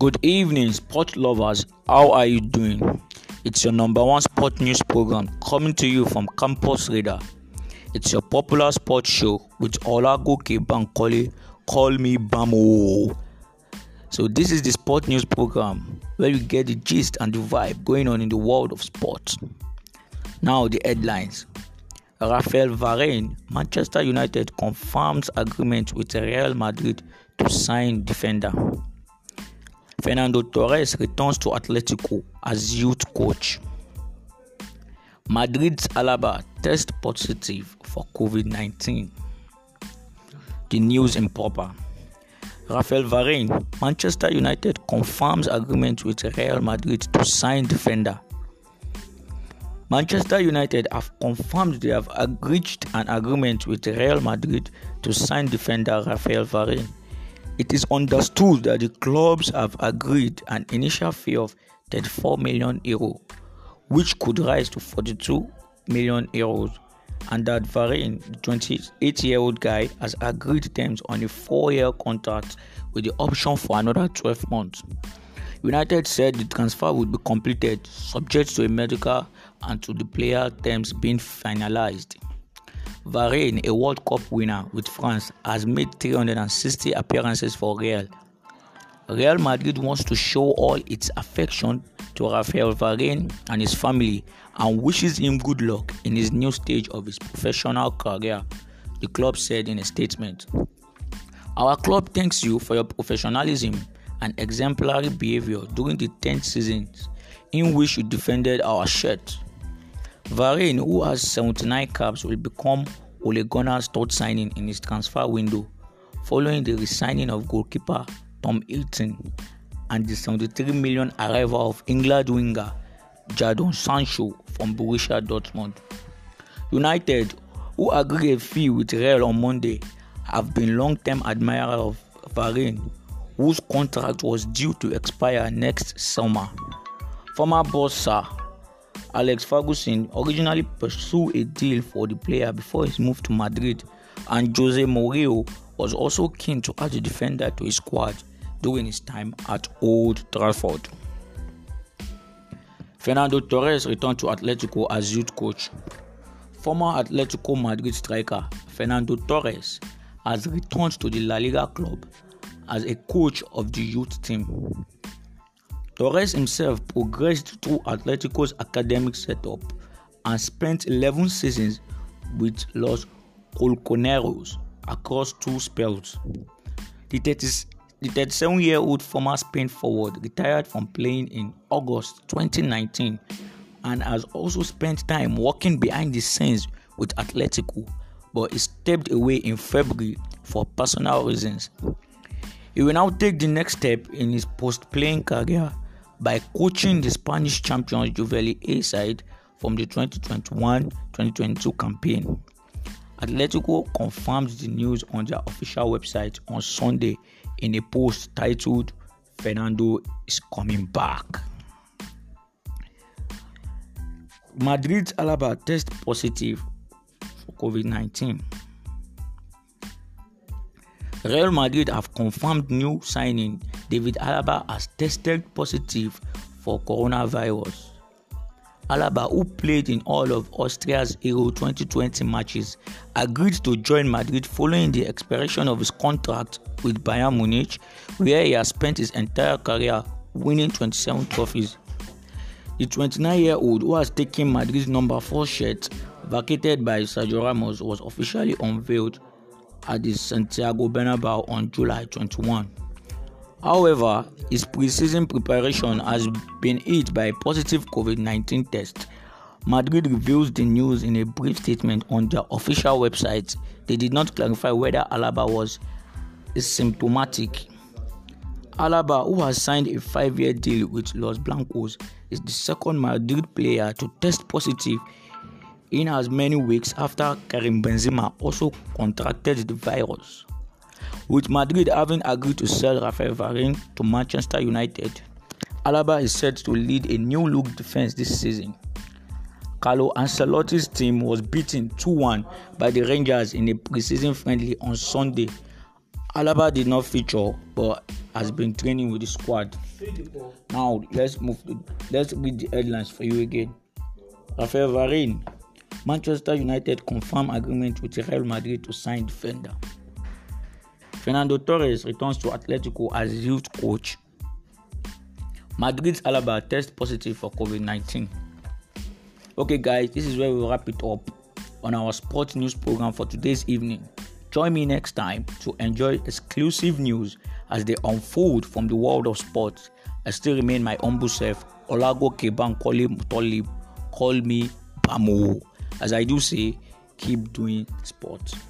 Good evening, sport lovers. How are you doing? It's your number one sport news program coming to you from Campus Radar. It's your popular sports show with Olagoke Bankole, call me Bamo. So, this is the sport news program where you get the gist and the vibe going on in the world of sports. Now, the headlines Rafael Varane, Manchester United confirms agreement with Real Madrid to sign defender. Fernando Torres returns to Atletico as youth coach. Madrid's Alaba test positive for COVID 19. The news improper. Rafael Varane, Manchester United confirms agreement with Real Madrid to sign defender. Manchester United have confirmed they have reached an agreement with Real Madrid to sign defender Rafael Varane. It is understood that the clubs have agreed an initial fee of 34 million euro, which could rise to 42 million euros, and that Varane, the 28 year old guy, has agreed terms on a four year contract with the option for another 12 months. United said the transfer would be completed subject to a medical and to the player terms being finalized. Varane, a World Cup winner with France, has made 360 appearances for Real. Real Madrid wants to show all its affection to Rafael Varane and his family and wishes him good luck in his new stage of his professional career, the club said in a statement. Our club thanks you for your professionalism and exemplary behavior during the 10 seasons in which you defended our shirt. Varane, who has 79 caps, will become Ole Gunnar's third signing in his transfer window, following the resigning of goalkeeper Tom Hilton and the 73 million arrival of England winger Jadon Sancho from Borussia Dortmund. United, who agreed a fee with Real on Monday, have been long-term admirers of Varane, whose contract was due to expire next summer. Former boss Sir Alex Ferguson originally pursued a deal for the player before his move to Madrid, and Jose Mourinho was also keen to add the defender to his squad during his time at Old Trafford. Fernando Torres returned to Atletico as youth coach. Former Atletico Madrid striker Fernando Torres has returned to the La Liga club as a coach of the youth team. Torres himself progressed through Atletico's academic setup and spent 11 seasons with Los Colchoneros across two spells. The 37 year old former Spain forward retired from playing in August 2019 and has also spent time working behind the scenes with Atletico, but he stepped away in February for personal reasons. He will now take the next step in his post playing career by coaching the Spanish champions Juveli A side from the 2021-2022 campaign. Atletico confirmed the news on their official website on Sunday in a post titled Fernando is coming back. Madrid's Alaba test positive for COVID 19. Real Madrid have confirmed new signing David Alaba has tested positive for coronavirus. Alaba, who played in all of Austria's Euro 2020 matches, agreed to join Madrid following the expiration of his contract with Bayern Munich, where he has spent his entire career winning 27 trophies. The 29 year old who has taken Madrid's number 4 shirt, vacated by Sergio Ramos, was officially unveiled at the Santiago Bernabeu on July 21. However, his preseason preparation has been hit by a positive COVID 19 test. Madrid reveals the news in a brief statement on their official website. They did not clarify whether Alaba was symptomatic. Alaba, who has signed a five year deal with Los Blancos, is the second Madrid player to test positive in as many weeks after Karim Benzema also contracted the virus. With Madrid having agreed to sell Rafael Varane to Manchester United, Alaba is set to lead a new look defense this season. Carlo Ancelotti's team was beaten 2 1 by the Rangers in a preseason friendly on Sunday. Alaba did not feature but has been training with the squad. Now let's move to, let's read the headlines for you again. Rafael Varane Manchester United confirm agreement with Real Madrid to sign defender. Fernando Torres returns to Atletico as youth coach. Madrid's Alaba test positive for COVID 19. Okay, guys, this is where we wrap it up on our sports news program for today's evening. Join me next time to enjoy exclusive news as they unfold from the world of sports. I still remain my humble self, Olago Kebankole Mutolib. Call me Bamu as I do say, keep doing sports.